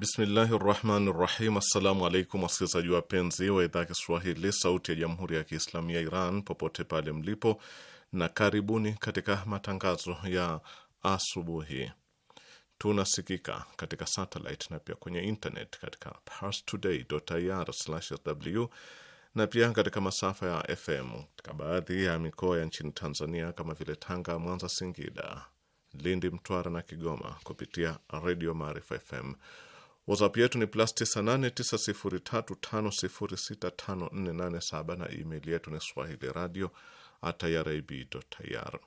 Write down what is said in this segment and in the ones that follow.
Bismillahi rahmani rahim. Assalamu alaikum wasikilizaji wapenzi wa idhaa ya Kiswahili sauti ya jamhuri ya Kiislamu ya Iran popote pale mlipo, na karibuni katika matangazo ya asubuhi. Tunasikika katika satellite na pia kwenye internet katika parstoday.ir/sw na pia katika masafa ya FM katika baadhi ya mikoa ya nchini Tanzania kama vile Tanga, Mwanza, Singida, Lindi, Mtwara na Kigoma kupitia redio Maarifa FM. WhatsApp yetu ni plus 989035065487 na email yetu ni swahili radio irib.ir.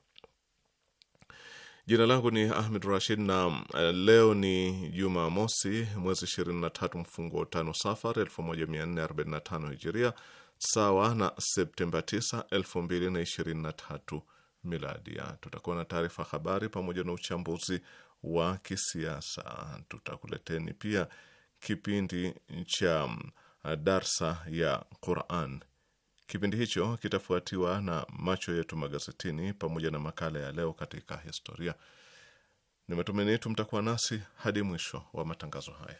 Jina langu ni Ahmed Rashid na eh, leo ni Juma mosi mwezi 23 mfunguo tano Safar 1445 Hijiria, sawa na Septemba 9, 2023 Miladia. Tutakuwa na taarifa habari pamoja na uchambuzi wa kisiasa. Tutakuleteni pia kipindi cha mm, darsa ya Quran. Kipindi hicho kitafuatiwa na macho yetu magazetini pamoja na makala ya leo katika historia. Ni matumaini yetu mtakuwa nasi hadi mwisho wa matangazo haya.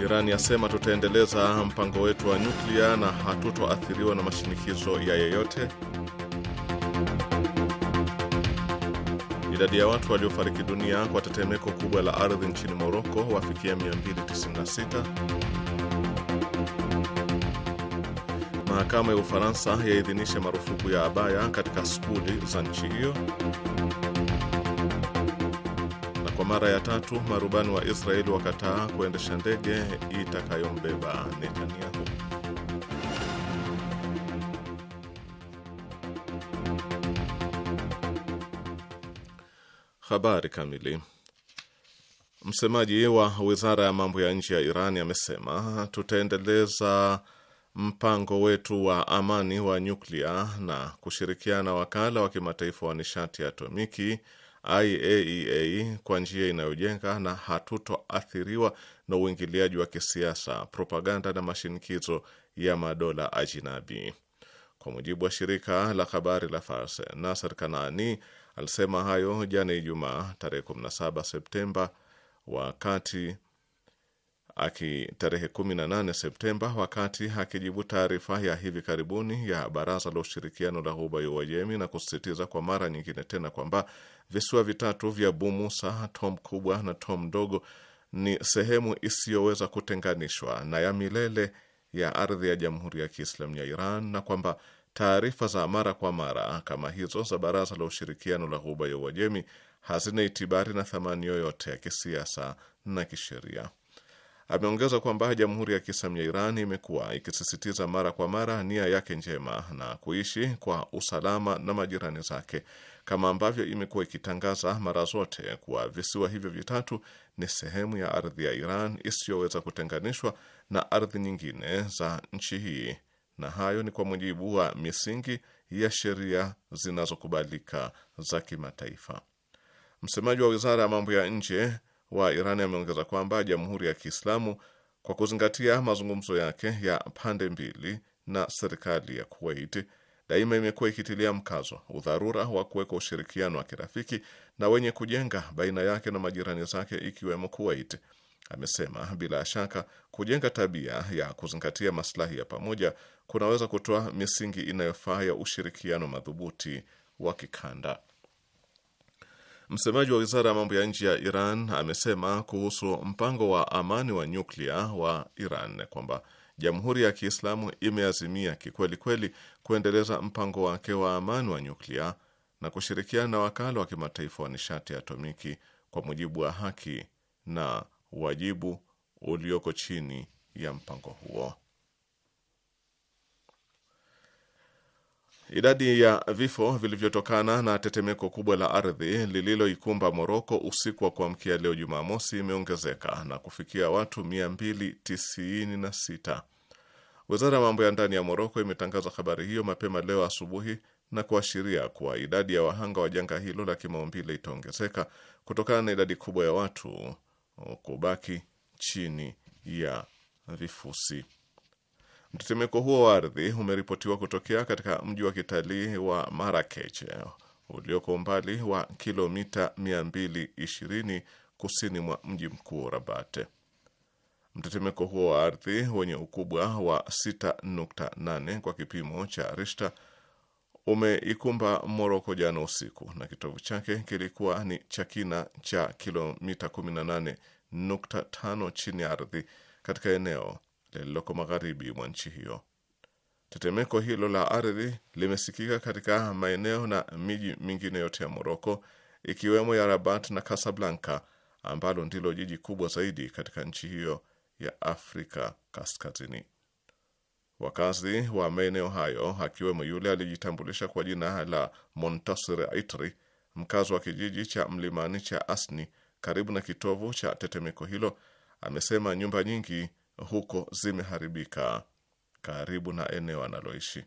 Iran yasema tutaendeleza mpango wetu wa nyuklia na hatutoathiriwa na mashinikizo ya yeyote. Idadi ya watu waliofariki dunia kwa tetemeko kubwa la ardhi nchini Moroko wafikia 296. Mahakama ya Ufaransa yaidhinisha marufuku ya abaya katika skuli za nchi hiyo mara ya tatu marubani wa Israeli wakataa kuendesha ndege itakayombeba Netanyahu. Habari kamili. Msemaji wa wizara ya mambo ya nje ya Iran amesema tutaendeleza mpango wetu wa amani wa nyuklia na kushirikiana na wakala wa kimataifa wa nishati ya atomiki IAEA e kwa njia inayojenga na hatutoathiriwa na uingiliaji wa kisiasa, propaganda na mashinikizo ya madola ajinabi. Kwa mujibu wa shirika la habari la Fars, Nasser kanani alisema hayo jana Ijumaa tarehe 17 Septemba wakati aki tarehe 18 Septemba, wakati akijibu taarifa ya hivi karibuni ya Baraza la Ushirikiano la Ghuba ya Uajemi na kusisitiza kwa mara nyingine tena kwamba visiwa vitatu vya Bumusa, Tom kubwa na Tom ndogo ni sehemu isiyoweza kutenganishwa na ya milele ya ardhi ya Jamhuri ya Kiislamu ya Iran na kwamba taarifa za mara kwa mara kama hizo za Baraza la Ushirikiano la Ghuba ya Uajemi hazina itibari na thamani yoyote ya kisiasa na kisheria. Ameongeza kwamba Jamhuri ya Kiislamu ya Iran imekuwa ikisisitiza mara kwa mara nia yake njema na kuishi kwa usalama na majirani zake, kama ambavyo imekuwa ikitangaza mara zote kuwa visiwa hivyo vitatu ni sehemu ya ardhi ya Iran isiyoweza kutenganishwa na ardhi nyingine za nchi hii, na hayo ni kwa mujibu wa misingi ya sheria zinazokubalika za kimataifa. Msemaji wa Wizara ya Mambo ya Nje wa Iran ameongeza kwamba Jamhuri ya Kiislamu kwa kuzingatia mazungumzo yake ya pande mbili na serikali ya Kuwait daima imekuwa ikitilia mkazo udharura wa kuweka ushirikiano wa kirafiki na wenye kujenga baina yake na majirani zake ikiwemo Kuwait. Amesema bila shaka kujenga tabia ya kuzingatia maslahi ya pamoja kunaweza kutoa misingi inayofaa ya ushirikiano madhubuti wa kikanda. Msemaji wa wizara ya mambo ya nje ya Iran amesema kuhusu mpango wa amani wa nyuklia wa Iran kwamba Jamhuri ya Kiislamu imeazimia kikwelikweli kuendeleza mpango wake wa amani wa nyuklia na kushirikiana na wakala wa kimataifa wa nishati ya atomiki kwa mujibu wa haki na wajibu ulioko chini ya mpango huo. Idadi ya vifo vilivyotokana na tetemeko kubwa la ardhi lililoikumba Moroko usiku wa kuamkia leo Jumamosi imeongezeka na kufikia watu 296. Wizara ya mambo ya ndani ya Moroko imetangaza habari hiyo mapema leo asubuhi na kuashiria kuwa idadi ya wahanga wa janga hilo la kimaumbile itaongezeka kutokana na idadi kubwa ya watu kubaki chini ya vifusi. Mtetemeko huo wa ardhi umeripotiwa kutokea katika mji wa kitalii wa Marrakech ulioko umbali wa kilomita 220 kusini mwa mji mkuu Rabat. Mtetemeko huo wa ardhi wenye ukubwa wa 6.8 kwa kipimo cha Richter umeikumba Moroko jana usiku, na kitovu chake kilikuwa ni cha kina cha kilomita 18.5 chini ya ardhi katika eneo lililoko magharibi mwa nchi hiyo. Tetemeko hilo la ardhi limesikika katika maeneo na miji mingine yote ya Moroko ikiwemo ya Rabat na Casablanca ambalo ndilo jiji kubwa zaidi katika nchi hiyo ya Afrika Kaskazini. Wakazi wa maeneo hayo akiwemo yule alijitambulisha kwa jina la Montasir Itri, mkazi wa kijiji cha mlimani cha Asni karibu na kitovu cha tetemeko hilo, amesema nyumba nyingi huko zimeharibika karibu na eneo analoishi.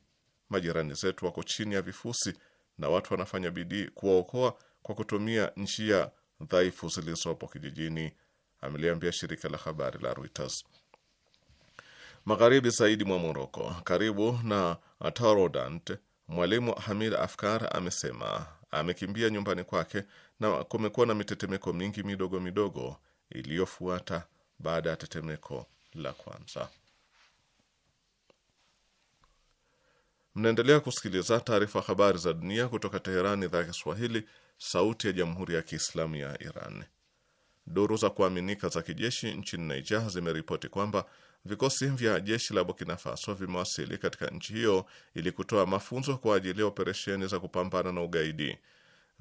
Majirani zetu wako chini ya vifusi na watu wanafanya bidii kuwaokoa kwa kutumia njia dhaifu zilizopo kijijini, ameliambia shirika la habari la Reuters. Magharibi zaidi mwa Moroko, karibu na Tarodant, mwalimu Hamid Afkar amesema amekimbia nyumbani kwake na kumekuwa na mitetemeko mingi midogo midogo iliyofuata baada ya tetemeko la kwanza. Mnaendelea kusikiliza taarifa habari za dunia kutoka Teherani, idhaa ya Kiswahili, sauti ya jamhuri ya kiislamu ya Iran. Duru za kuaminika za kijeshi nchini Niger zimeripoti kwamba vikosi vya jeshi la Burkina Faso vimewasili katika nchi hiyo ili kutoa mafunzo kwa ajili ya operesheni za kupambana na ugaidi.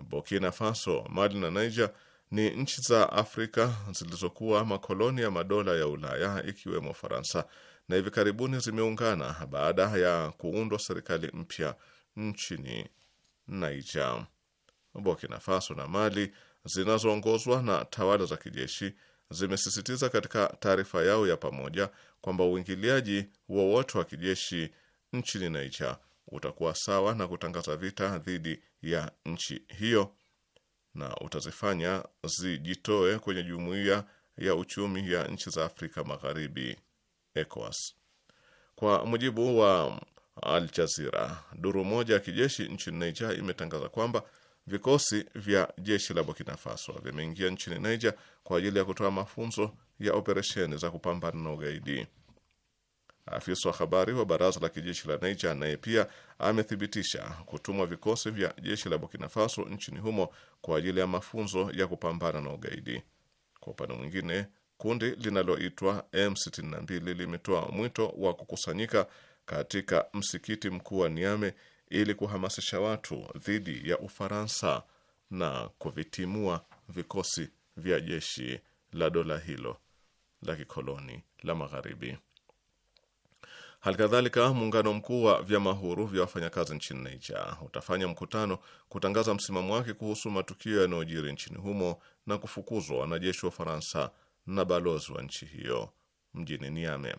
Burkina Faso, Mali na Niger ni nchi za Afrika zilizokuwa makoloni ya madola ya Ulaya ikiwemo Faransa na hivi karibuni zimeungana baada ya kuundwa serikali mpya nchini Niger. Burkina Faso na Mali zinazoongozwa na tawala za kijeshi zimesisitiza katika taarifa yao ya pamoja kwamba uingiliaji wowote wa kijeshi nchini Niger utakuwa sawa na kutangaza vita dhidi ya nchi hiyo na utazifanya zijitoe kwenye jumuiya ya uchumi ya nchi za Afrika Magharibi, ECOWAS. Kwa mujibu wa Al Jazeera, duru moja ya kijeshi nchini Niger imetangaza kwamba vikosi vya jeshi la Burkina Faso vimeingia nchini Niger kwa ajili ya kutoa mafunzo ya operesheni za kupambana na ugaidi. Afisa wa habari wa baraza la kijeshi la Niger naye pia amethibitisha kutumwa vikosi vya jeshi la Burkina Faso nchini humo kwa ajili ya mafunzo ya kupambana na ugaidi. Kwa upande mwingine, kundi linaloitwa M62 limetoa mwito wa kukusanyika katika msikiti mkuu wa Niame ili kuhamasisha watu dhidi ya Ufaransa na kuvitimua vikosi vya jeshi la dola hilo la kikoloni la Magharibi hali kadhalika muungano mkuu wa vyama huru vya wafanyakazi nchini Niger utafanya mkutano kutangaza msimamo wake kuhusu matukio yanayojiri nchini humo na kufukuzwa wanajeshi wa Faransa na balozi wa nchi hiyo mjini Niamey.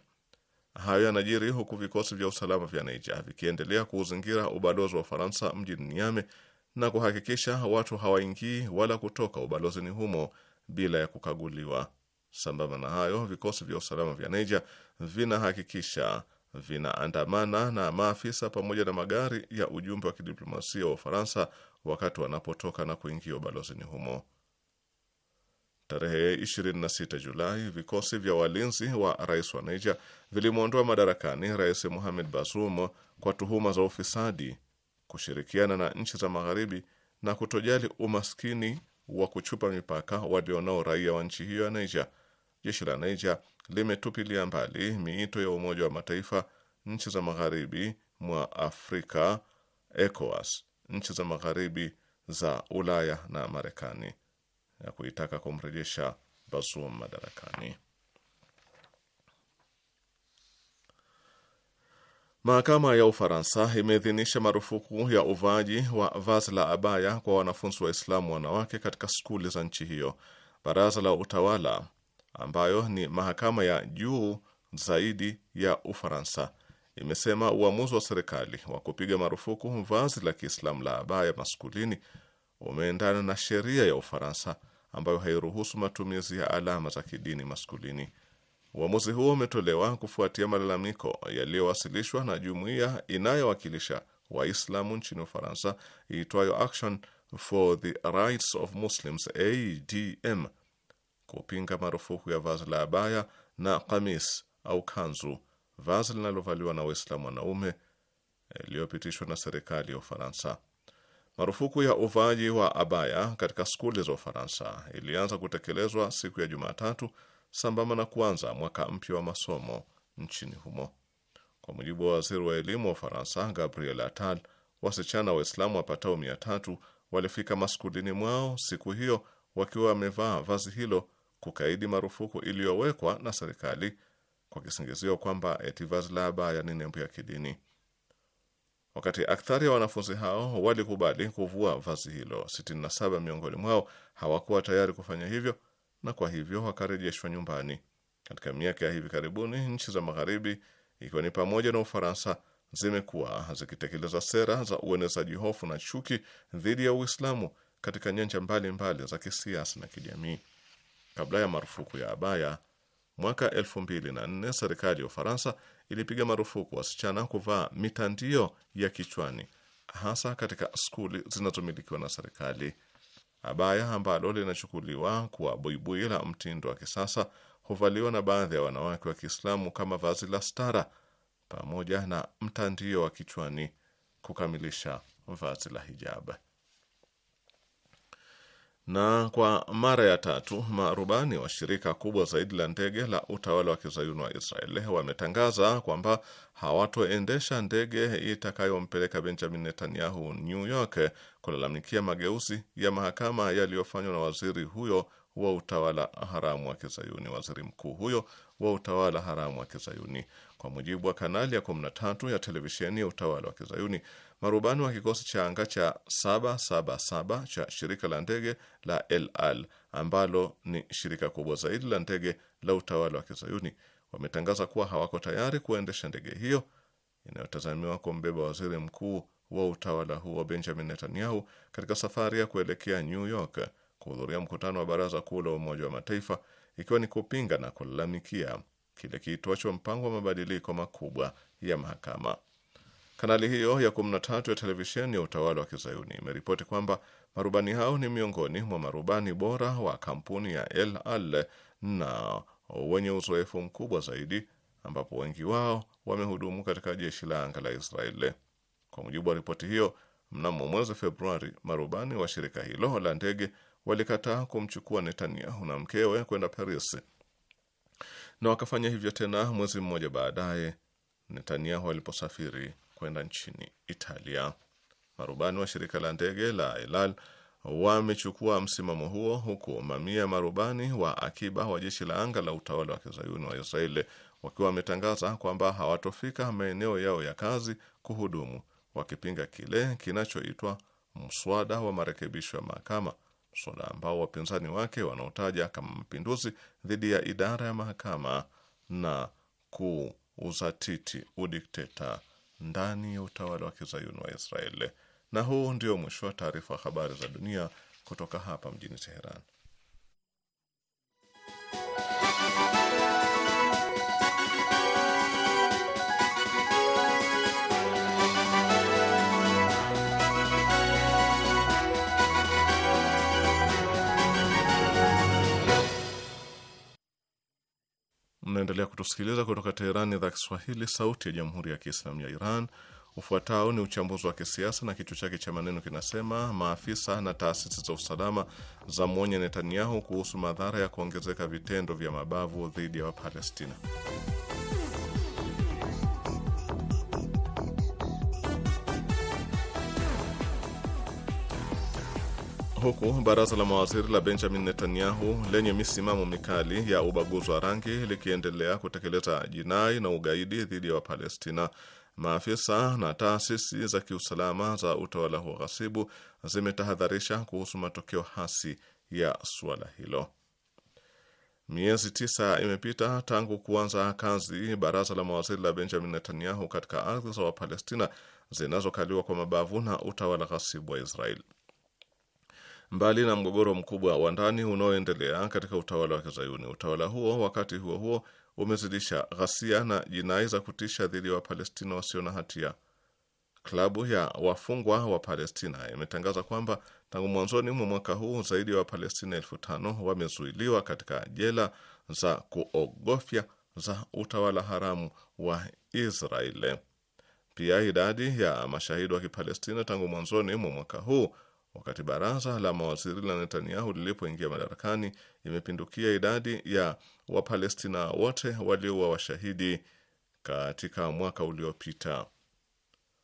Hayo yanajiri huku vikosi vya usalama vya Niger vikiendelea kuuzingira ubalozi wa Ufaransa mjini Niamey na kuhakikisha watu hawaingii wala kutoka ubalozini humo bila ya kukaguliwa. Sambamba na hayo, vikosi vya usalama vya Niger vinahakikisha vinaandamana na maafisa pamoja na magari ya ujumbe wa kidiplomasia wa Ufaransa wakati wanapotoka na kuingia ubalozini humo. Tarehe 26 Julai, vikosi vya walinzi wa rais wa Niger vilimwondoa madarakani Rais Mohamed Bazoum kwa tuhuma za ufisadi, kushirikiana na nchi za Magharibi na kutojali umaskini wa kuchupa mipaka walionao raia wa nchi hiyo ya Niger. Jeshi la Niger limetupilia mbali miito ya Umoja wa Mataifa, nchi za magharibi mwa Afrika, ECOWAS, nchi za magharibi za Ulaya na Marekani ya kuitaka kumrejesha Bazoum madarakani. Mahakama ya Ufaransa imeidhinisha marufuku ya uvaaji wa vazi la abaya kwa wanafunzi Waislamu wanawake katika skuli za nchi hiyo. Baraza la utawala ambayo ni mahakama ya juu zaidi ya Ufaransa imesema uamuzi wa serikali wa kupiga marufuku vazi la Kiislamu la abaya maskulini umeendana na sheria ya Ufaransa ambayo hairuhusu matumizi ya alama za kidini maskulini. Uamuzi huo umetolewa kufuatia malalamiko yaliyowasilishwa na jumuiya inayowakilisha Waislamu nchini Ufaransa iitwayo Action for the Rights of Muslims, ADM kupinga marufuku ya vazi la abaya na kamis au kanzu, vazi linalovaliwa na Waislamu wanaume eh, iliyopitishwa na serikali ya Ufaransa. Marufuku ya uvaaji wa abaya katika skuli za Ufaransa ilianza kutekelezwa siku ya Jumatatu sambamba na kuanza mwaka mpya wa masomo nchini humo. Kwa mujibu wa waziri wa elimu wa Ufaransa Gabriel Attal, wasichana Waislamu wapatao mia tatu walifika maskulini mwao siku hiyo wakiwa wamevaa vazi hilo kukaidi marufuku iliyowekwa na serikali kwa kisingizio kwamba eti vazi la abaya ni nembo ya kidini. Wakati akthari ya wanafunzi hao walikubali kuvua vazi hilo, 67 miongoni mwao hawakuwa tayari kufanya hivyo na kwa hivyo wakarejeshwa nyumbani. Katika miaka ya hivi karibuni, nchi za Magharibi ikiwa ni pamoja na Ufaransa zimekuwa zikitekeleza sera za uenezaji hofu na chuki dhidi ya Uislamu katika nyanja mbalimbali za kisiasa na kijamii. Kabla ya marufuku ya abaya mwaka 2004 serikali ya Ufaransa ilipiga marufuku wasichana kuvaa mitandio ya kichwani hasa katika skuli zinazomilikiwa na serikali. Abaya ambalo linachukuliwa kuwa buibui la mtindo wa kisasa huvaliwa na baadhi ya wanawake wa Kiislamu kama vazi la stara pamoja na mtandio wa kichwani kukamilisha vazi la hijab. Na kwa mara ya tatu marubani wa shirika kubwa zaidi la ndege la utawala wa kizayuni wa Israel wametangaza kwamba hawatoendesha ndege itakayompeleka Benjamin Netanyahu New York kulalamikia mageuzi ya mahakama yaliyofanywa na waziri huyo wa utawala haramu wa kizayuni, waziri mkuu huyo wa utawala haramu wa kizayuni. Kwa mujibu wa kanali ya 13 ya televisheni ya utawala wa kizayuni, marubani wa kikosi cha anga cha 777 cha shirika la ndege la El Al ambalo ni shirika kubwa zaidi la ndege la utawala wa kizayuni wametangaza kuwa hawako tayari kuendesha ndege hiyo inayotazamiwa kumbeba waziri mkuu wa utawala huo Benjamin Netanyahu katika safari ya kuelekea New York kuhudhuria mkutano wa Baraza Kuu la Umoja wa Mataifa, ikiwa ni kupinga na kulalamikia kile kiitwacho mpango wa mabadiliko makubwa ya mahakama. Kanali hiyo ya 13 ya televisheni ya utawala wa kizayuni imeripoti kwamba marubani hao ni miongoni mwa marubani bora wa kampuni ya El Al na wenye uzoefu mkubwa zaidi, ambapo wengi wao wamehudumu katika jeshi la anga la Israeli. Kwa mujibu wa ripoti hiyo, mnamo mwezi Februari, marubani wa shirika hilo la ndege walikataa kumchukua Netanyahu na mkewe kwenda Paris, na wakafanya hivyo tena mwezi mmoja baadaye Netanyahu aliposafiri kwenda nchini Italia. Marubani wa shirika la ndege la elal wamechukua msimamo huo huku mamia marubani wa akiba wa jeshi la anga la utawala wa kizayuni wa Israeli wakiwa wametangaza kwamba hawatofika maeneo yao ya kazi kuhudumu, wakipinga kile kinachoitwa mswada wa marekebisho ya mahakama, mswada ambao wapinzani wake wanaotaja kama mapinduzi dhidi ya idara ya mahakama na kuuzatiti udikteta ndani ya utawala wa kizayuni wa Israeli. Na huu ndio mwisho wa taarifa habari za dunia kutoka hapa mjini Teheran. Mnaendelea kutusikiliza kutoka Teherani, idhaa Kiswahili, sauti ya jamhuri ya kiislamu ya Iran. Ufuatao ni uchambuzi wa kisiasa na kichwa chake cha maneno kinasema: maafisa na taasisi za usalama za mwonya Netanyahu kuhusu madhara ya kuongezeka vitendo vya mabavu dhidi ya Wapalestina. huku baraza la mawaziri la Benjamin Netanyahu lenye misimamo mikali ya ubaguzi wa rangi likiendelea kutekeleza jinai na ugaidi dhidi ya Wapalestina, maafisa na taasisi za kiusalama za utawala huo ghasibu zimetahadharisha kuhusu matokeo hasi ya suala hilo. Miezi tisa imepita tangu kuanza kazi baraza la mawaziri la Benjamin Netanyahu katika ardhi za Wapalestina zinazokaliwa kwa mabavu na utawala ghasibu wa Israeli. Mbali na mgogoro mkubwa wa ndani unaoendelea katika utawala wa Kizayuni, utawala huo wakati huo huo umezidisha ghasia na jinai za kutisha dhidi ya Wapalestina wasio na hatia. Klabu ya wafungwa wa Palestina imetangaza kwamba tangu mwanzoni mwa mwaka huu zaidi ya wa Wapalestina elfu tano wamezuiliwa katika jela za kuogofya za utawala haramu wa Israeli. Pia idadi ya mashahidi wa Kipalestina tangu mwanzoni mwa mwaka huu Wakati baraza la mawaziri la Netanyahu lilipoingia madarakani, imepindukia idadi ya Wapalestina wote waliowa washahidi katika mwaka uliopita.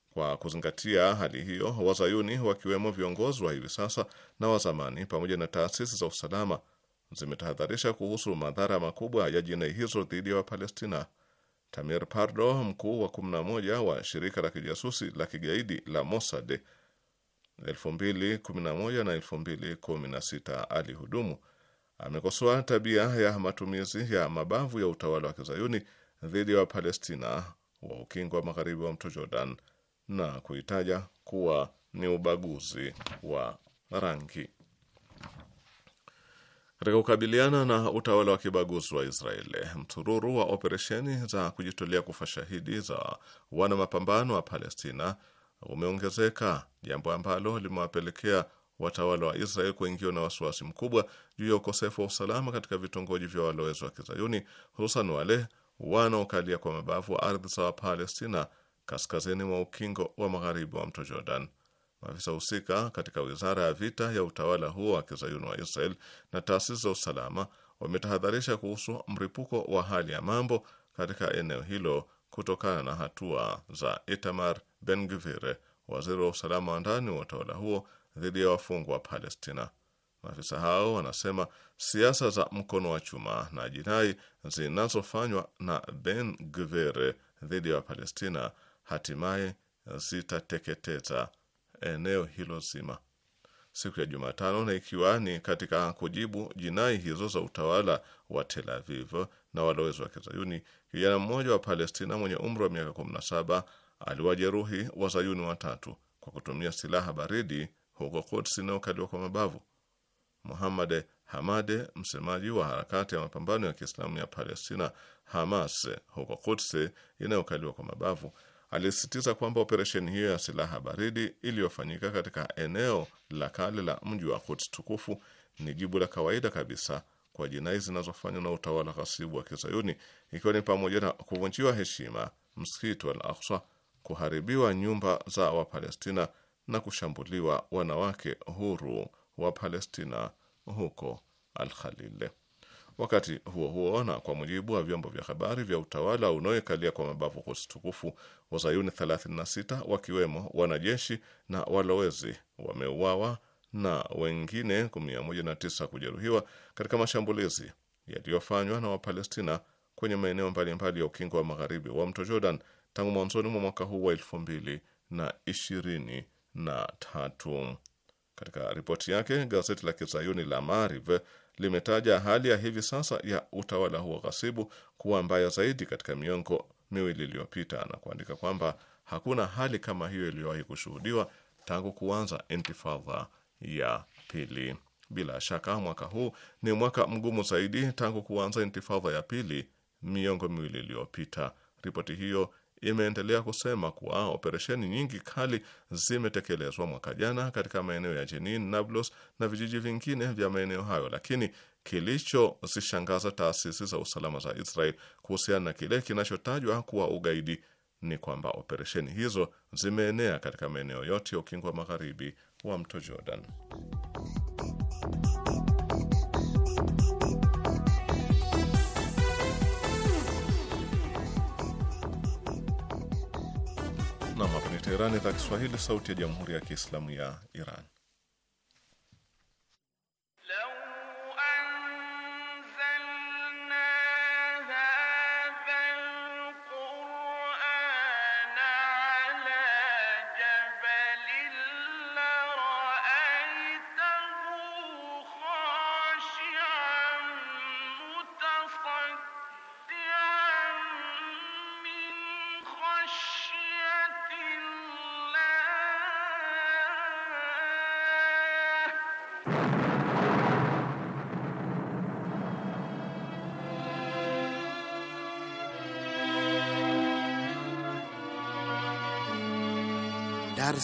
Kwa kuzingatia hali hiyo, wazayuni wakiwemo viongozi wa hivi sasa na wazamani pamoja na taasisi za usalama zimetahadharisha kuhusu madhara makubwa ya jinai hizo dhidi ya Wapalestina. Tamir Pardo, mkuu wa 11 wa shirika la kijasusi la kigaidi la Mossad 2011 na 2016 alihudumu. Amekosoa tabia ya matumizi ya mabavu ya utawala wa kizayuni dhidi ya wa Wapalestina wa ukingo wa magharibi wa mto Jordan na kuitaja kuwa ni ubaguzi wa rangi. Katika kukabiliana na utawala wa kibaguzi wa Israeli, msururu wa operesheni za kujitolea kufa shahidi za wana mapambano wa Palestina umeongezeka, jambo ambalo limewapelekea watawala wa Israel kuingiwa na wasiwasi mkubwa juu ya ukosefu wa usalama katika vitongoji vya walowezi wa Kizayuni, hususan wale wanaokalia kwa mabavu wa ardhi za Wapalestina kaskazini mwa ukingo wa magharibi wa mto Jordan. Maafisa husika katika wizara ya vita ya utawala huo wa Kizayuni wa Israel na taasisi za usalama wametahadharisha kuhusu mripuko wa hali ya mambo katika eneo hilo kutokana na hatua za Itamar Ben-Gvir, waziri wa usalama wa ndani wa utawala huo, dhidi ya wafungwa wa Palestina. Maafisa hao wanasema siasa za mkono wa chuma na jinai zinazofanywa na Ben Gvir dhidi ya Wapalestina hatimaye zitateketeza eneo hilo zima. Siku ya Jumatano, na ikiwa ni katika kujibu jinai hizo za utawala wa Tel Aviv na walowezi wa Kizayuni, kijana mmoja wa Palestina mwenye umri wa miaka 17 aliwajeruhi wazayuni watatu kwa kutumia silaha baridi huko Quds inayokaliwa kwa mabavu. Muhammad Hamade, msemaji wa harakati ya mapambano ya Kiislamu ya Palestina Hamas huko Quds inayokaliwa kwa mabavu, alisisitiza kwamba operesheni hiyo ya silaha baridi iliyofanyika katika eneo la kale la mji wa Quds tukufu ni jibu la kawaida kabisa kwa jinai zinazofanywa na utawala ghasibu wa Kizayuni, ikiwa ni pamoja na kuvunjiwa heshima msikiti wa Al-Aqsa, kuharibiwa nyumba za Wapalestina na kushambuliwa wanawake huru wa Palestina huko Al-Khalil. Wakati huo huo, na kwa mujibu wa vyombo vya habari vya utawala unaoikalia kwa mabavu Quds tukufu, wazayuni 36 wakiwemo wanajeshi na walowezi wameuawa na wengine 109 kujeruhiwa katika mashambulizi yaliyofanywa na Wapalestina kwenye maeneo mbalimbali ya ukingo wa magharibi wa mto Jordan tangu mwanzoni mwa mwaka huu wa elfu mbili na ishirini na tatu. Katika ripoti yake, gazeti la kizayuni la Maariv limetaja hali ya hivi sasa ya utawala huo ghasibu kuwa mbaya zaidi katika miongo miwili iliyopita na kuandika kwamba hakuna hali kama hiyo iliyowahi kushuhudiwa tangu kuanza intifadha ya pili. Bila shaka mwaka huu ni mwaka mgumu zaidi tangu kuanza intifadha ya pili miongo miwili iliyopita. Ripoti hiyo imeendelea kusema kuwa operesheni nyingi kali zimetekelezwa mwaka jana katika maeneo ya Jenin, Nablus na vijiji vingine vya maeneo hayo, lakini kilichozishangaza taasisi za usalama za Israel kuhusiana na kile kinachotajwa kuwa ugaidi ni kwamba operesheni hizo zimeenea katika maeneo yote ya Ukingo wa Magharibi wa mto Jordan. Nam hapa ni Teherani, idhaa Kiswahili, sauti ya jamhuri ya kiislamu ya Iran.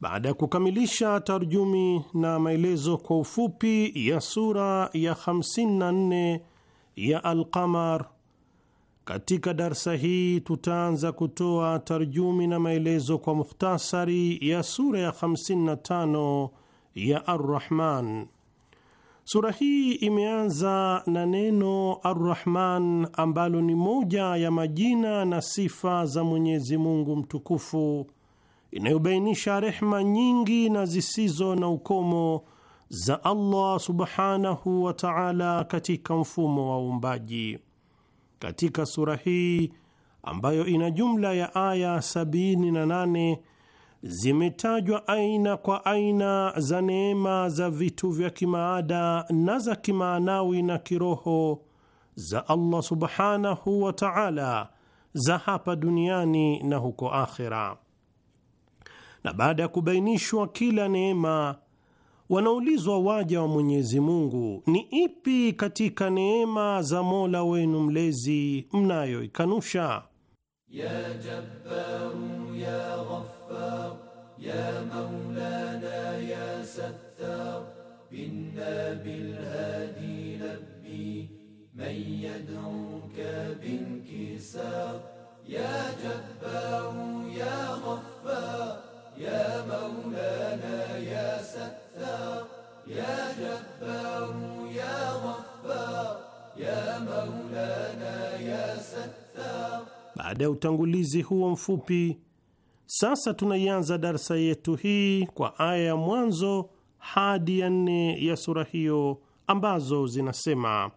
baada ya kukamilisha tarjumi na maelezo kwa ufupi ya sura ya 54 ya Alqamar, katika darsa hii tutaanza kutoa tarjumi na maelezo kwa mukhtasari ya sura ya 55 ya Arrahman. Sura hii imeanza na neno Arrahman ambalo ni moja ya majina na sifa za Mwenyezi Mungu mtukufu inayobainisha rehma nyingi na zisizo na ukomo za Allah subhanahu wa ta'ala katika mfumo wa uumbaji. Katika sura hii ambayo ina jumla ya aya 78 zimetajwa aina kwa aina za neema za vitu vya kimaada na za kimaanawi na kiroho za Allah subhanahu wa ta'ala za hapa duniani na huko akhera na baada ya kubainishwa kila neema wanaulizwa waja wa Mwenyezi Mungu, ni ipi katika neema za Mola wenu mlezi mnayoikanusha? ya Jabbaru ya Ghaffar ya Maulana ya Sattar binna labbi man yad'uka binkisar ya Jabbaru ya Ghaffar يا مولانا يا ستار يا جبار يا غفار ya maulana ya sattar. Baada ya utangulizi huo mfupi, sasa tunaianza darsa yetu hii kwa aya ya mwanzo hadi ya nne ya sura hiyo ambazo zinasema: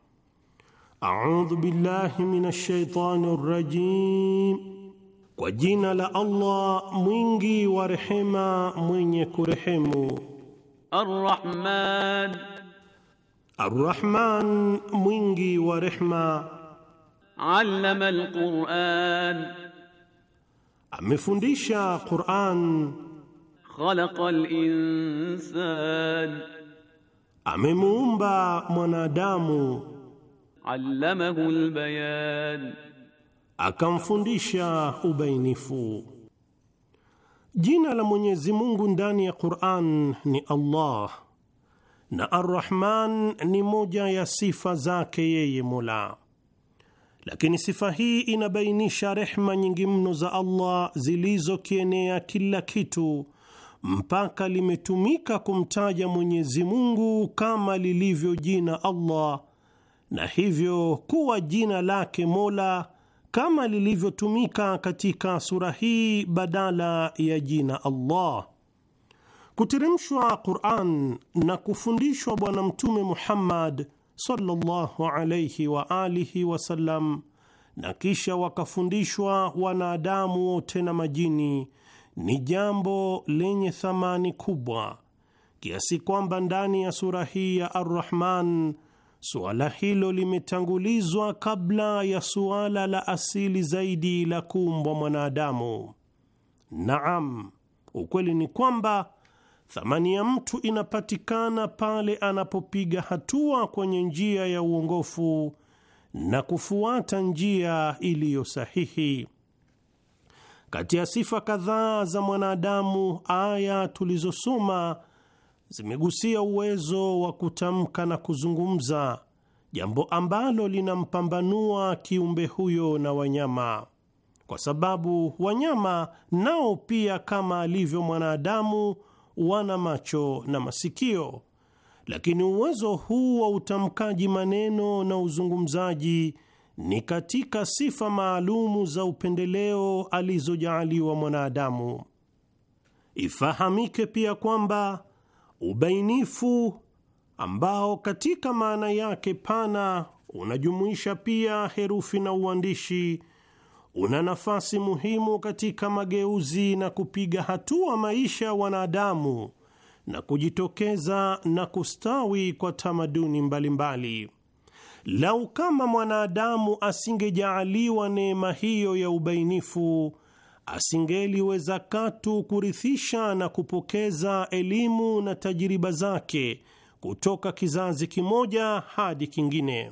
audhu billahi minash shaitani rajim Kwa jina la Allah mwingi wa rehema mwenye kurehemu. Ar-Rahman, Ar-Rahman mwingi wa rehema. Allama al-Quran, amefundisha Quran. Khalaqa al-insan, amemuumba mwanadamu. Allamahu al-bayan akamfundisha ubainifu. Jina la Mwenyezi Mungu ndani ya Qur'an ni Allah na Ar-Rahman ni moja ya sifa zake yeye Mola, lakini sifa hii inabainisha rehma nyingi mno za Allah zilizokienea kila kitu mpaka limetumika kumtaja Mwenyezi Mungu kama lilivyo jina Allah na hivyo kuwa jina lake Mola kama lilivyotumika katika sura hii badala ya jina Allah. Kuteremshwa Quran na kufundishwa Bwana Mtume Muhammad sallallahu alayhi wa alihi wasallam, na kisha wakafundishwa wanadamu wote na majini, ni jambo lenye thamani kubwa kiasi kwamba ndani ya sura hii ya Ar-Rahman suala hilo limetangulizwa kabla ya suala la asili zaidi la kuumbwa mwanadamu. Naam, ukweli ni kwamba thamani ya mtu inapatikana pale anapopiga hatua kwenye njia ya uongofu na kufuata njia iliyo sahihi. Kati ya sifa kadhaa za mwanadamu, aya tulizosoma zimegusia uwezo wa kutamka na kuzungumza, jambo ambalo linampambanua kiumbe huyo na wanyama, kwa sababu wanyama nao pia kama alivyo mwanadamu wana macho na masikio, lakini uwezo huu wa utamkaji maneno na uzungumzaji ni katika sifa maalumu za upendeleo alizojaaliwa mwanadamu. Ifahamike pia kwamba ubainifu ambao katika maana yake pana unajumuisha pia herufi na uandishi, una nafasi muhimu katika mageuzi na kupiga hatua maisha ya wanadamu na kujitokeza na kustawi kwa tamaduni mbalimbali. Lau kama mwanadamu asingejaaliwa neema hiyo ya ubainifu asingeliweza katu kurithisha na kupokeza elimu na tajiriba zake kutoka kizazi kimoja hadi kingine,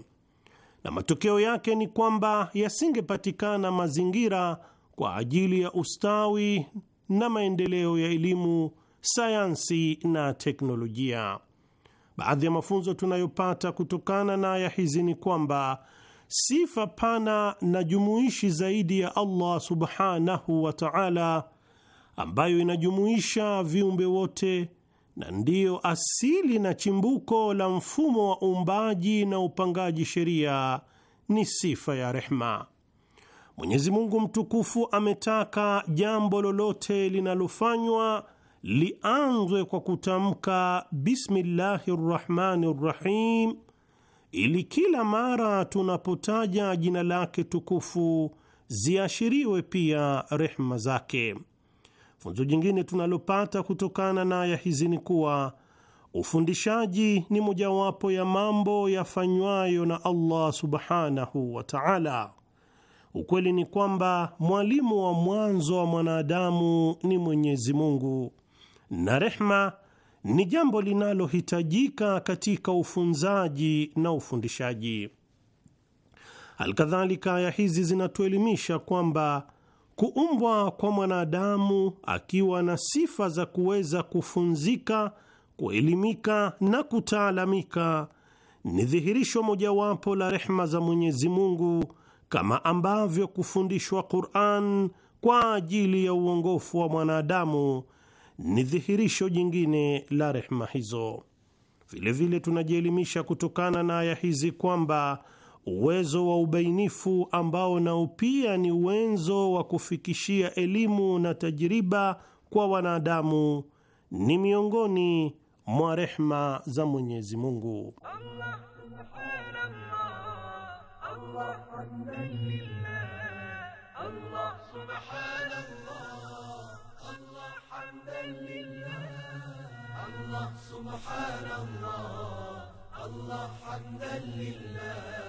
na matokeo yake ni kwamba yasingepatikana mazingira kwa ajili ya ustawi na maendeleo ya elimu, sayansi na teknolojia. Baadhi ya mafunzo tunayopata kutokana na aya hizi ni kwamba sifa pana na jumuishi zaidi ya Allah subhanahu wa ta'ala, ambayo inajumuisha viumbe wote na ndiyo asili na chimbuko la mfumo wa uumbaji na upangaji sheria, ni sifa ya rehma. Mwenyezi Mungu mtukufu ametaka jambo lolote linalofanywa lianzwe kwa kutamka bismillahi rrahmani ili kila mara tunapotaja jina lake tukufu ziashiriwe pia rehma zake. Funzo jingine tunalopata kutokana na aya hizi ni kuwa ufundishaji ni mojawapo ya mambo yafanywayo na Allah subhanahu wa ta'ala. Ukweli ni kwamba mwalimu wa mwanzo wa mwanadamu ni Mwenyezi Mungu na rehma ni jambo linalohitajika katika ufunzaji na ufundishaji. Alkadhalika, aya hizi zinatuelimisha kwamba kuumbwa kwa mwanadamu akiwa na sifa za kuweza kufunzika, kuelimika na kutaalamika ni dhihirisho mojawapo la rehma za Mwenyezi Mungu, kama ambavyo kufundishwa Qur'an kwa ajili ya uongofu wa mwanadamu ni dhihirisho jingine la rehma hizo. Vilevile vile tunajielimisha kutokana na aya hizi kwamba uwezo wa ubainifu ambao nao pia ni uwezo wa kufikishia elimu na tajiriba kwa wanadamu ni miongoni mwa rehma za Mwenyezi Mungu. Allah, الله سبحان الله الله حمدا لله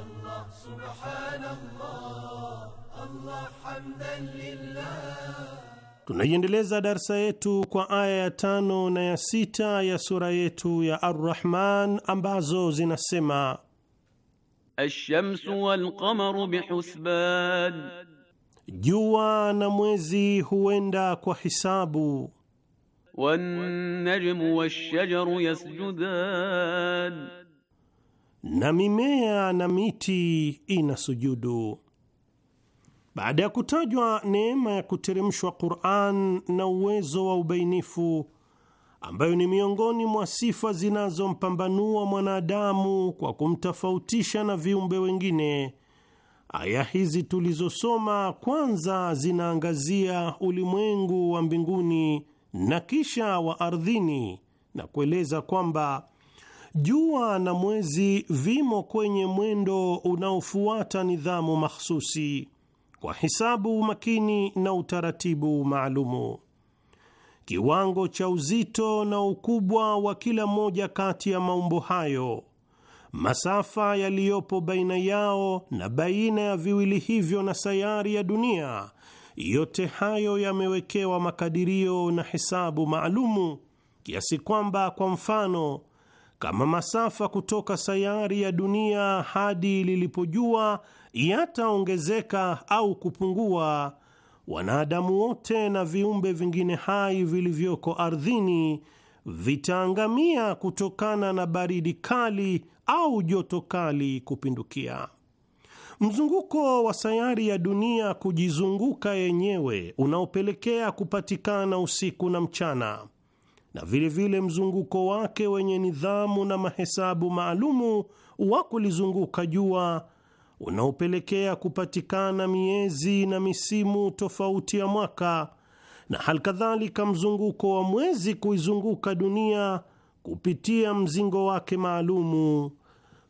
الله سبحان الله Allah hamdan lillah. Tunaiendeleza darsa yetu kwa aya ya tano na ya sita ya sura yetu ya Ar-Rahman ambazo zinasema Ash-shamsu wal-qamaru bihusban, jua na mwezi huenda kwa hisabu Wan-najmu wash-shajaru yasjudan, na mimea na miti inasujudu. Baada ya kutajwa neema ya kuteremshwa Qur'an na uwezo wa ubainifu ambayo ni miongoni mwa sifa zinazompambanua mwanadamu kwa kumtofautisha na viumbe wengine, aya hizi tulizosoma kwanza zinaangazia ulimwengu wa mbinguni na kisha wa ardhini, na kueleza kwamba jua na mwezi vimo kwenye mwendo unaofuata nidhamu mahsusi kwa hisabu makini na utaratibu maalumu. Kiwango cha uzito na ukubwa wa kila moja kati ya maumbo hayo, masafa yaliyopo baina yao na baina ya viwili hivyo na sayari ya dunia yote hayo yamewekewa makadirio na hesabu maalumu, kiasi kwamba kwa mfano, kama masafa kutoka sayari ya dunia hadi lilipojua yataongezeka au kupungua, wanadamu wote na viumbe vingine hai vilivyoko ardhini vitaangamia kutokana na baridi kali au joto kali kupindukia. Mzunguko wa sayari ya dunia kujizunguka yenyewe unaopelekea kupatikana usiku na mchana, na vilevile vile mzunguko wake wenye nidhamu na mahesabu maalumu wa kulizunguka jua unaopelekea kupatikana miezi na misimu tofauti ya mwaka, na halikadhalika mzunguko wa mwezi kuizunguka dunia kupitia mzingo wake maalumu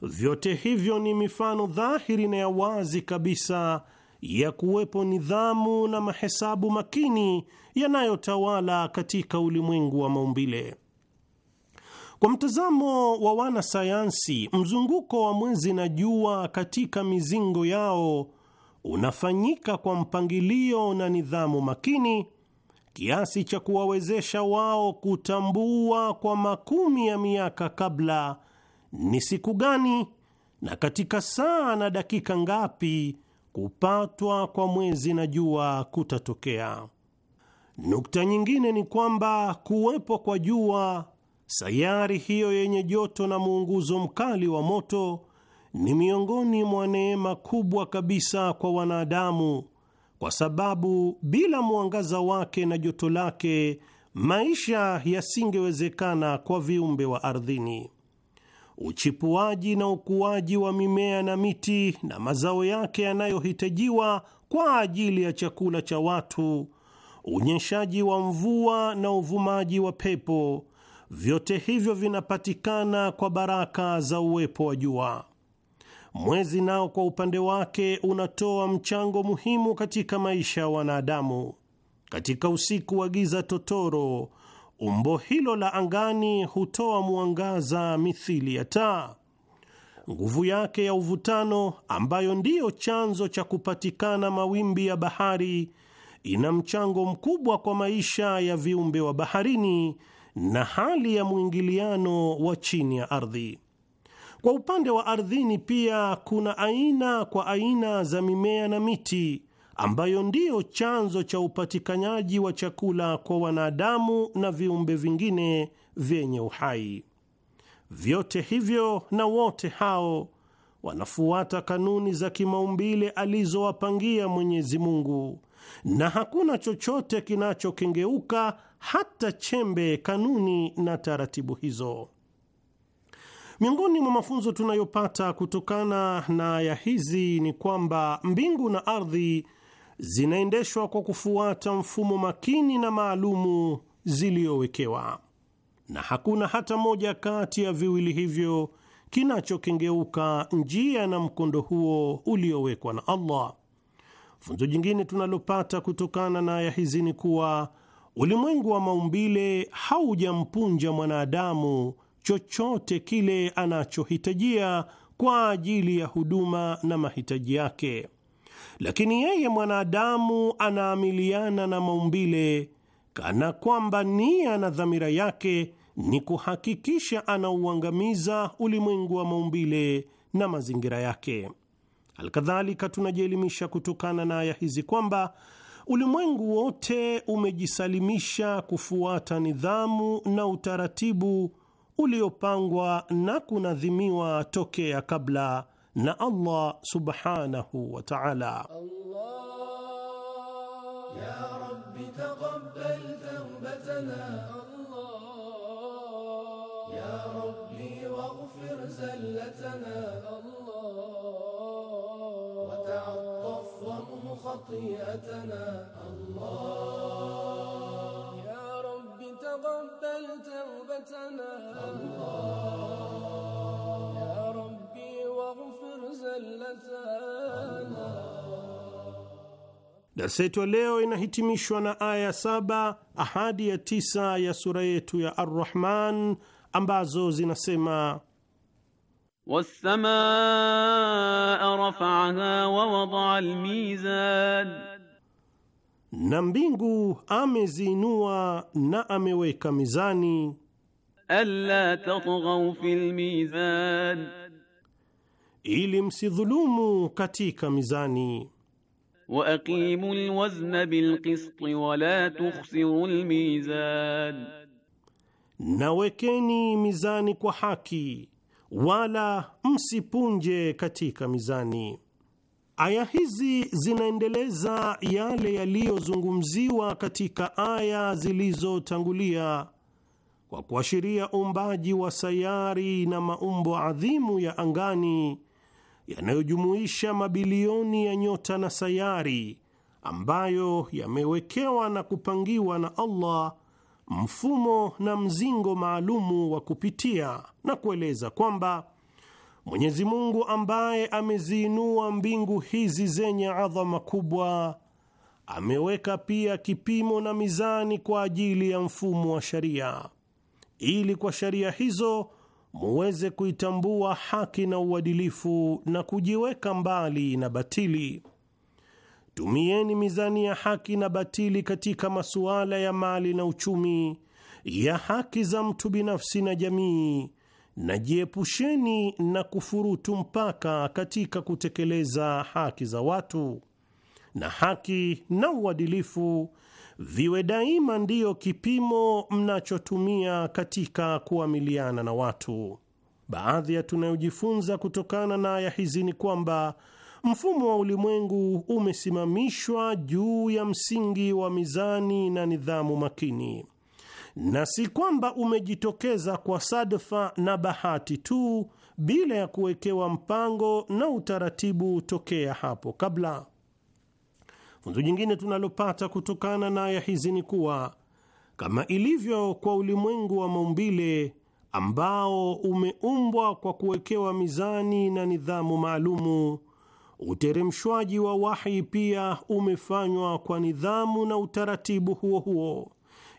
Vyote hivyo ni mifano dhahiri na ya wazi kabisa ya kuwepo nidhamu na mahesabu makini yanayotawala katika ulimwengu wa maumbile. Kwa mtazamo wa wanasayansi, mzunguko wa mwezi na jua katika mizingo yao unafanyika kwa mpangilio na nidhamu makini kiasi cha kuwawezesha wao kutambua kwa makumi ya miaka kabla ni siku gani na katika saa na dakika ngapi kupatwa kwa mwezi na jua kutatokea. Nukta nyingine ni kwamba kuwepo kwa jua, sayari hiyo yenye joto na muunguzo mkali wa moto, ni miongoni mwa neema kubwa kabisa kwa wanadamu, kwa sababu bila mwangaza wake na joto lake maisha yasingewezekana kwa viumbe wa ardhini uchipuaji na ukuaji wa mimea na miti na mazao yake yanayohitajiwa kwa ajili ya chakula cha watu, unyeshaji wa mvua na uvumaji wa pepo, vyote hivyo vinapatikana kwa baraka za uwepo wa jua. Mwezi nao kwa upande wake unatoa mchango muhimu katika maisha ya wanadamu. Katika usiku wa giza totoro umbo hilo la angani hutoa mwangaza mithili ya taa. Nguvu yake ya uvutano, ambayo ndiyo chanzo cha kupatikana mawimbi ya bahari, ina mchango mkubwa kwa maisha ya viumbe wa baharini na hali ya mwingiliano wa chini ya ardhi. Kwa upande wa ardhini pia kuna aina kwa aina za mimea na miti ambayo ndiyo chanzo cha upatikanaji wa chakula kwa wanadamu na viumbe vingine vyenye uhai. Vyote hivyo na wote hao wanafuata kanuni za kimaumbile alizowapangia Mwenyezi Mungu, na hakuna chochote kinachokengeuka hata chembe kanuni na taratibu hizo. Miongoni mwa mafunzo tunayopata kutokana na aya hizi ni kwamba mbingu na ardhi zinaendeshwa kwa kufuata mfumo makini na maalumu ziliyowekewa, na hakuna hata moja kati ya viwili hivyo kinachokengeuka njia na mkondo huo uliowekwa na Allah. Funzo jingine tunalopata kutokana na aya hizi ni kuwa ulimwengu wa maumbile haujampunja mwanadamu chochote kile anachohitajia kwa ajili ya huduma na mahitaji yake, lakini yeye mwanadamu anaamiliana na maumbile kana kwamba nia na dhamira yake ni kuhakikisha anauangamiza ulimwengu wa maumbile na mazingira yake. Alkadhalika, tunajielimisha kutokana na aya hizi kwamba ulimwengu wote umejisalimisha kufuata nidhamu na utaratibu uliopangwa na kunadhimiwa tokea kabla na Allah subhanahu wa ta'ala. وتعطف وامه خطيئتنا الله يا رب تقبل توبتنا الله Darsa yetu ya leo inahitimishwa na aya saba ahadi ya tisa ya sura yetu ya arrahman ambazo zinasema wassamaa rafaaha wawadaa almizan, na mbingu ameziinua na ameweka mizani. Alla tatghaw fil mizan ili msidhulumu katika mizani. Wa aqimu alwazna bilqisti wa la tukhsiru almizan, nawekeni mizani kwa haki wala msipunje katika mizani. Aya hizi zinaendeleza yale yaliyozungumziwa katika aya zilizotangulia kwa kuashiria uumbaji wa sayari na maumbo adhimu ya angani yanayojumuisha mabilioni ya nyota na sayari ambayo yamewekewa na kupangiwa na Allah mfumo na mzingo maalumu wa kupitia na kueleza kwamba Mwenyezi Mungu ambaye ameziinua mbingu hizi zenye adhama kubwa ameweka pia kipimo na mizani kwa ajili ya mfumo wa sharia, ili kwa sharia hizo muweze kuitambua haki na uadilifu na kujiweka mbali na batili. Tumieni mizani ya haki na batili katika masuala ya mali na uchumi, ya haki za mtu binafsi na jamii, na jiepusheni na kufurutu mpaka katika kutekeleza haki za watu, na haki na uadilifu viwe daima ndiyo kipimo mnachotumia katika kuamiliana na watu. Baadhi ya tunayojifunza kutokana na aya hizi ni kwamba mfumo wa ulimwengu umesimamishwa juu ya msingi wa mizani na nidhamu makini, na si kwamba umejitokeza kwa sadfa na bahati tu bila ya kuwekewa mpango na utaratibu tokea hapo kabla. Funzo jingine tunalopata kutokana na aya hizi ni kuwa kama ilivyo kwa ulimwengu wa maumbile ambao umeumbwa kwa kuwekewa mizani na nidhamu maalumu, uteremshwaji wa wahi pia umefanywa kwa nidhamu na utaratibu huo huo,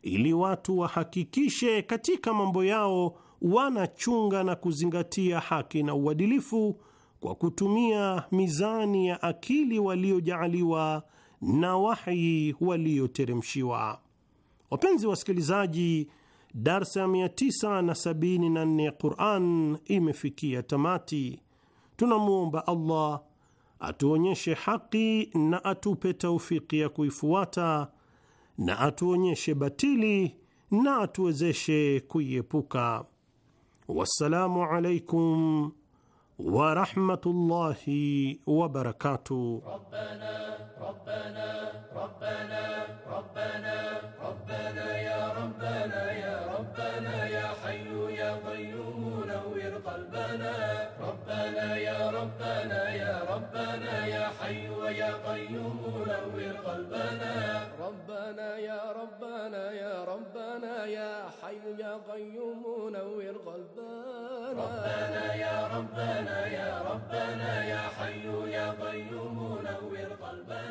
ili watu wahakikishe katika mambo yao wanachunga na kuzingatia haki na uadilifu kwa kutumia mizani ya akili waliojaaliwa na wahyi walioteremshiwa. Wapenzi wasikilizaji, darsa ya 974 ya Quran imefikia tamati. Tunamwomba Allah atuonyeshe haki na atupe taufiki ya kuifuata na atuonyeshe batili na atuwezeshe kuiepuka. Wassalamu alaikum warahmatullahi wabarakatuh. ربنا ربنا ربنا ربنا يا ربنا يا ربنا يا حي يا قيوم نور قلبنا ربنا يا ربنا يا ربنا يا حي يا قيوم نور قلبنا ربنا يا ربنا يا ربنا يا حي يا قيوم نور قلبنا ربنا يا ربنا يا ربنا يا حي يا قيوم نور قلبنا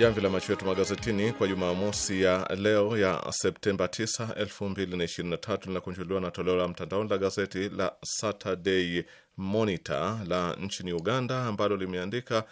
jamvi la macho yetu magazetini kwa Jumamosi ya leo ya Septemba 9, 2023 linakunjuliwa na toleo la mtandaoni la gazeti la Saturday Monitor la nchini Uganda ambalo limeandika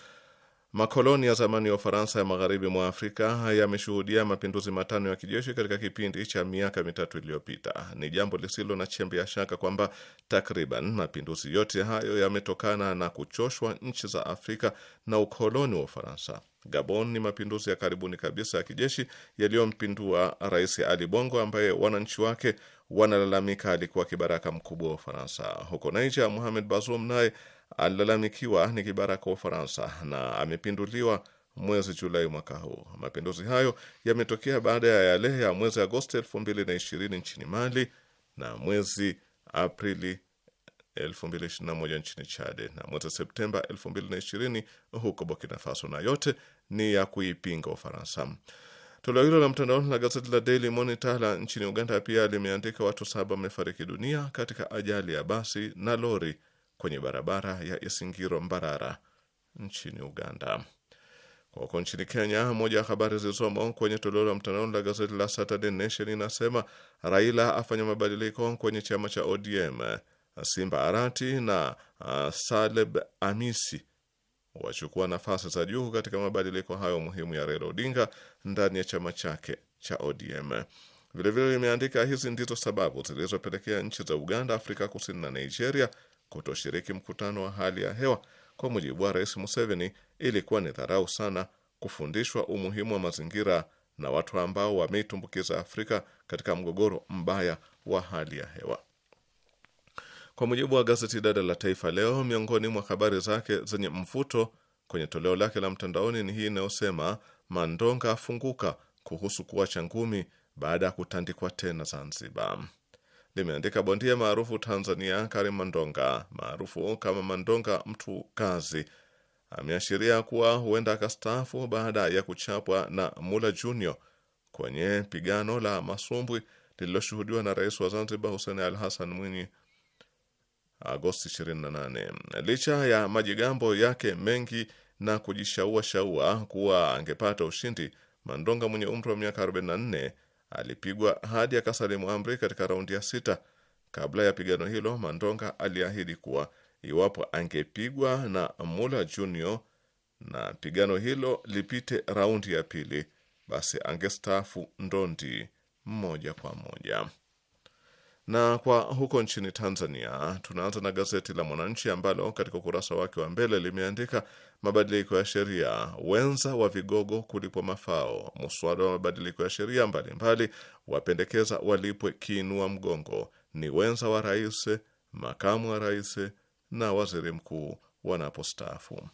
Makoloni ya zamani ya Ufaransa ya magharibi mwa Afrika yameshuhudia mapinduzi matano ya kijeshi katika kipindi cha miaka mitatu iliyopita. Ni jambo lisilo na chembe ya shaka kwamba takriban mapinduzi yote hayo yametokana na kuchoshwa nchi za Afrika na ukoloni wa Ufaransa. Gabon ni mapinduzi ya karibuni kabisa ya kijeshi yaliyompindua Rais Ali Bongo ambaye wananchi wake wanalalamika alikuwa kibaraka mkubwa wa Ufaransa. Huko Niger, Mohamed Bazoum naye alilalamikiwa ni kibara kwa Ufaransa na amepinduliwa mwezi Julai mwaka huu. Mapinduzi hayo yametokea baada ya yale ya mwezi Agosti ishirini nchini Mali na mwezi Aprili moja nchini Chade na mwezi Septemba ishirini huko Burkina Faso, na yote ni ya kuipinga Ufaransa. Toleo hilo la mtandaoni la gazeti la Daily Monitor la nchini Uganda pia limeandika watu saba wamefariki dunia katika ajali ya basi na lori kwenye barabara ya Isingiro Mbarara nchini Uganda. Kwa huko nchini Kenya, moja ya habari zilizomo kwenye toleo la mtandaoni la gazeti la Saturday Nation inasema Raila afanya mabadiliko kwenye chama cha ODM. Simba Arati na uh, Saleb Amisi wachukua nafasi za juu katika mabadiliko hayo muhimu ya Raila Odinga ndani ya chama chake cha ODM. Vilevile limeandika hizi ndizo sababu zilizopelekea nchi za Uganda, Afrika Kusini na Nigeria kutoshiriki mkutano wa hali ya hewa. Kwa mujibu wa Rais Museveni, ilikuwa ni dharau sana kufundishwa umuhimu wa mazingira na watu ambao wameitumbukiza Afrika katika mgogoro mbaya wa hali ya hewa. Kwa mujibu wa gazeti dada la Taifa Leo, miongoni mwa habari zake zenye mvuto kwenye toleo lake la mtandaoni ni hii inayosema Mandonga afunguka kuhusu kuacha ngumi baada ya kutandikwa tena Zanzibar limeandika bondia maarufu Tanzania Karim Mandonga maarufu kama Mandonga mtu kazi ameashiria kuwa huenda akastaafu baada ya kuchapwa na Mula Junior kwenye pigano la masumbwi lililoshuhudiwa na rais wa Zanzibar Hussein Al Hassan Mwinyi Agosti 28. Licha ya majigambo yake mengi na kujishaua shaua kuwa angepata ushindi, Mandonga mwenye umri wa miaka 44 alipigwa hadi akasalimu amri katika raundi ya sita. Kabla ya pigano hilo, Mandonga aliahidi kuwa iwapo angepigwa na Mula Junior na pigano hilo lipite raundi ya pili, basi angestaafu ndondi moja kwa moja. Na kwa huko nchini Tanzania, tunaanza na gazeti la Mwananchi ambalo katika ukurasa wake wa mbele limeandika mabadiliko ya sheria, wenza wa vigogo kulipwa mafao. Muswada wa mabadiliko ya sheria mbalimbali wapendekeza walipwe kiinua mgongo. Ni wenza wa rais, makamu wa rais na waziri mkuu wanapostaafu.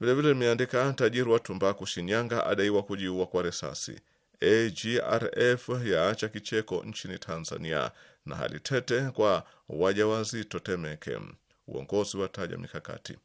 Vilevile limeandika tajiri wa tumbaku Shinyanga adaiwa kujiua kwa risasi. AGRF yaacha kicheko nchini Tanzania na hali tete kwa wajawazito Temeke. Uongozi wataja mikakati.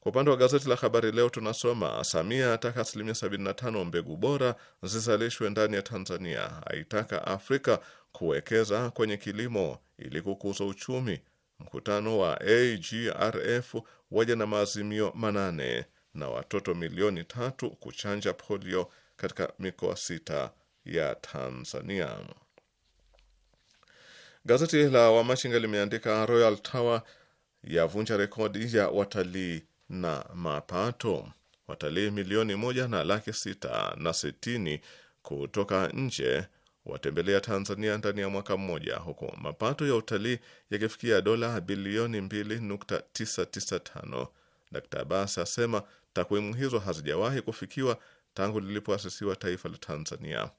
Kwa upande wa gazeti la Habari Leo tunasoma Samia ataka asilimia 75 mbegu bora zizalishwe ndani ya Tanzania, aitaka Afrika kuwekeza kwenye kilimo ili kukuza uchumi. Mkutano wa AGRF waja na maazimio manane na watoto milioni tatu kuchanja polio katika mikoa sita ya Tanzania. Gazeti la Wamachinga limeandika Royal Tower yavunja rekodi ya watalii na mapato. Watalii milioni moja na laki sita na sitini kutoka nje watembelea Tanzania ndani ya mwaka mmoja, huku mapato ya utalii yakifikia dola bilioni 2.995. Dkt. Abbas asema takwimu hizo hazijawahi kufikiwa tangu lilipoasisiwa taifa la Tanzania.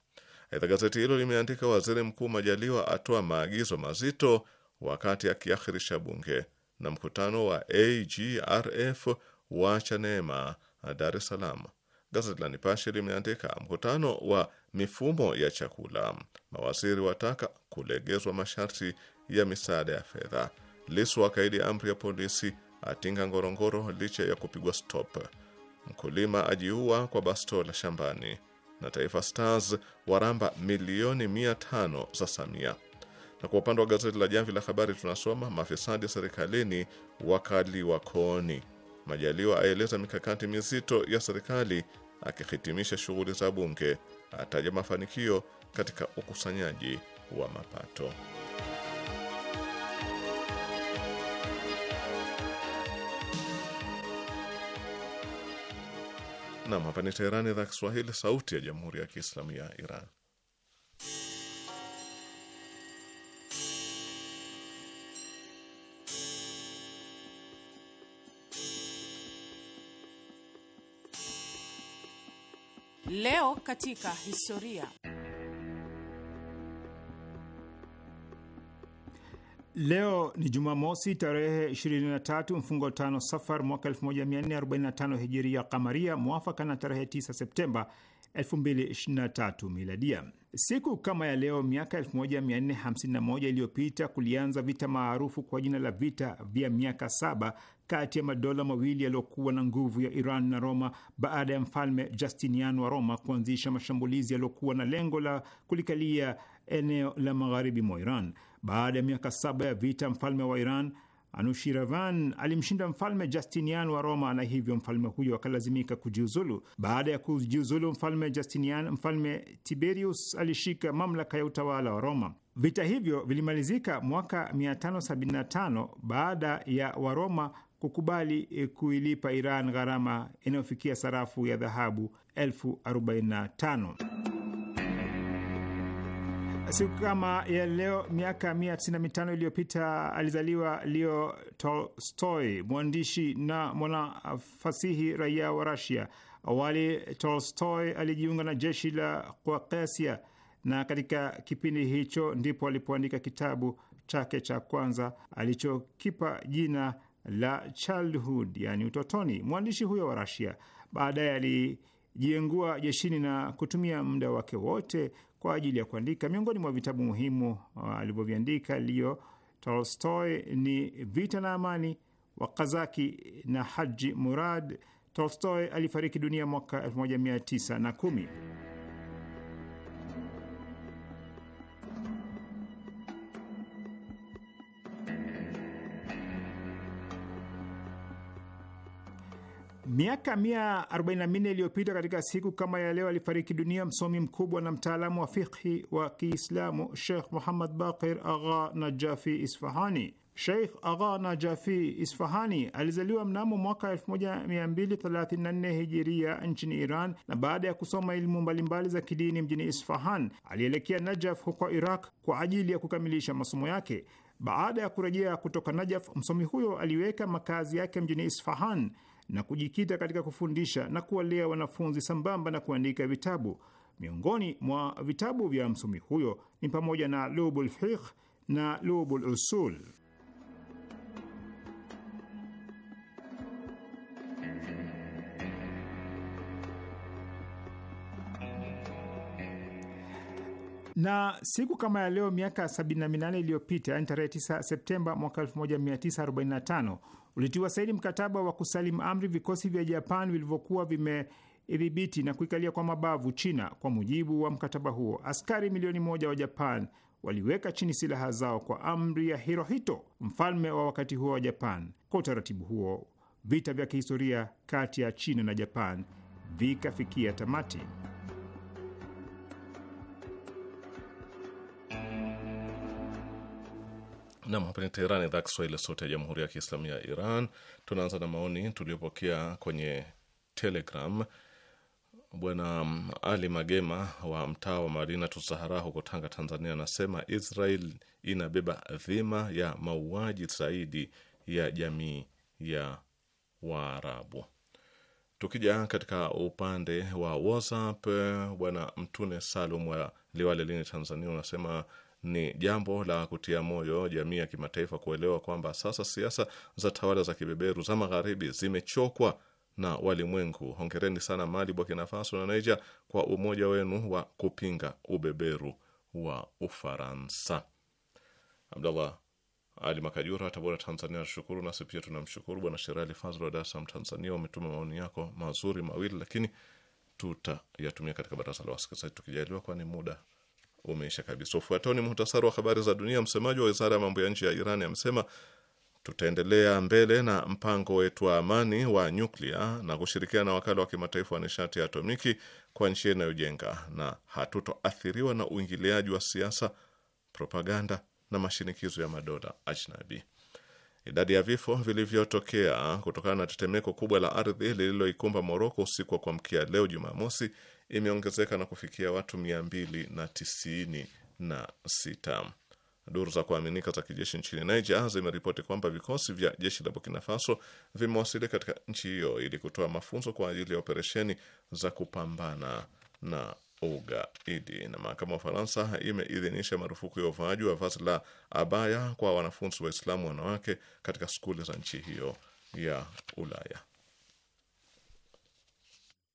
Aidha, gazeti hilo limeandika waziri mkuu Majaliwa atoa maagizo mazito wakati akiakhirisha bunge, na mkutano wa AGRF wa neema Dar es Salaam. Gazeti la Nipashe limeandika mkutano wa mifumo ya chakula, mawaziri wataka kulegezwa masharti ya misaada ya fedha. Lisu akaidi amri ya polisi, atinga Ngorongoro licha ya kupigwa stop. Mkulima ajiua kwa bastola shambani na Taifa Stars waramba milioni mia tano za Samia. Na kwa upande wa gazeti la Jamvi la Habari tunasoma mafisadi serikalini wakaliwa kooni. Majaliwa aeleza mikakati mizito ya serikali akihitimisha shughuli za bunge, ataja mafanikio katika ukusanyaji wa mapato. Nam, hapa ni Teherani, idhaa Kiswahili, sauti ya jamhuri ya kiislamu ya Iran. Leo katika historia Leo ni Jumamosi tarehe 23 mfungo tano Safar mwaka 1445 hijiria kamaria, mwafaka na tarehe 9 Septemba 2023 miladia. Siku kama ya leo miaka 1451 iliyopita kulianza vita maarufu kwa jina la vita vya miaka saba kati ya madola mawili yaliyokuwa na nguvu ya Iran na Roma baada ya mfalme Justinian wa Roma kuanzisha mashambulizi yaliyokuwa na lengo la kulikalia eneo la magharibi mwa Iran. Baada ya miaka saba ya vita, mfalme wa Iran Anushiravan alimshinda mfalme Justinian wa Roma na hivyo mfalme huyo akalazimika kujiuzulu. Baada ya kujiuzulu mfalme Justinian, mfalme Tiberius alishika mamlaka ya utawala wa Roma. Vita hivyo vilimalizika mwaka 575 baada ya Waroma kukubali e, kuilipa Iran gharama inayofikia sarafu ya dhahabu elfu arobaini na tano. Siku kama ya leo miaka 95 iliyopita alizaliwa Leo Tolstoy, mwandishi na mwanafasihi raia wa Rasia. Awali Tolstoy alijiunga na jeshi la Kaukasia, na katika kipindi hicho ndipo alipoandika kitabu chake cha kwanza alichokipa jina la childhood, yani utotoni. Mwandishi huyo wa Rasia baadaye alijiengua jeshini na kutumia muda wake wote kwa ajili ya kuandika. Miongoni mwa vitabu muhimu uh, alivyoviandika Leo Tolstoy ni Vita na Amani, wa kazaki na Haji Murad. Tolstoy alifariki dunia mwaka 1910. Miaka 144 iliyopita katika siku kama ya leo alifariki dunia msomi mkubwa na mtaalamu wa fikhi wa Kiislamu Sheikh Muhammad Baqir Agha Najafi Isfahani. Sheikh Agha Najafi Isfahani alizaliwa mnamo mwaka 1234 hijiria nchini Iran, na baada ya kusoma elimu mbalimbali za kidini mjini Isfahan alielekea Najaf huko Iraq kwa ajili ya kukamilisha masomo yake. Baada ya kurejea kutoka Najaf, msomi huyo aliweka makazi yake mjini Isfahan na kujikita katika kufundisha na kuwalea wanafunzi sambamba na kuandika vitabu. Miongoni mwa vitabu vya msomi huyo ni pamoja na Lubul Fiqh na Lubul Usul. Na siku kama ya leo miaka 78 iliyopita, yani tarehe 9 Septemba mwaka 1945 ulitiwa saini mkataba wa kusalimu amri vikosi vya Japan vilivyokuwa vime idhibiti na kuikalia kwa mabavu China. Kwa mujibu wa mkataba huo, askari milioni moja wa Japan waliweka chini silaha zao kwa amri ya Hirohito, mfalme wa wakati huo wa Japan. Kwa utaratibu huo, vita vya kihistoria kati ya China na Japan vikafikia tamati. Nam, hapa ni Teheran, idhaa Kiswahili sauti ya jamhuri ya kiislamu ya Iran. Tunaanza na maoni tuliopokea kwenye Telegram. Bwana Ali Magema wa mtaa wa madina Tusahara huko Tanga, Tanzania, anasema Israel inabeba dhima ya mauaji zaidi ya jamii ya Waarabu. Tukija katika upande wa WhatsApp, bwana Mtune Salum wa Liwale lini Tanzania unasema ni jambo la kutia moyo jamii ya kimataifa kuelewa kwamba sasa siasa za tawala za kibeberu za magharibi zimechokwa na walimwengu. Hongereni sana Mali, Burkina Faso na Niger kwa umoja wenu wa kupinga ubeberu wa Ufaransa. Abdallah Ali Makajura, Tabora, Tanzania, nashukuru. Nasi pia tunamshukuru. Bwana Sherali Fazl wa Dar es Salaam, Tanzania, umetuma maoni yako mazuri mawili, lakini tutayatumia katika baraza la wasikilizaji tukijaliwa, kwani muda umeisha kabisa. Ufuatao ni muhtasari wa habari za dunia. Msemaji wa wizara ya mambo ya nje ya Iran amesema tutaendelea mbele na mpango wetu wa amani wa nyuklia na kushirikiana na wakala wa kimataifa wa nishati ya atomiki kwa njia inayojenga, na hatutoathiriwa na uingiliaji wa siasa, propaganda na mashinikizo ya madola ajnabi. Idadi ya vifo vilivyotokea kutokana na tetemeko kubwa la ardhi lililoikumba Moroko usiku wa kuamkia leo Jumamosi imeongezeka na kufikia watu 296. Duru za kuaminika za kijeshi nchini Niger zimeripoti kwamba vikosi vya jeshi la Burkina Faso vimewasili katika nchi hiyo ili kutoa mafunzo kwa ajili ya operesheni za kupambana na ugaidi. Na mahakama ya Ufaransa imeidhinisha marufuku ya uvaaji wa vazi la abaya kwa wanafunzi Waislamu wanawake katika skuli za nchi hiyo ya Ulaya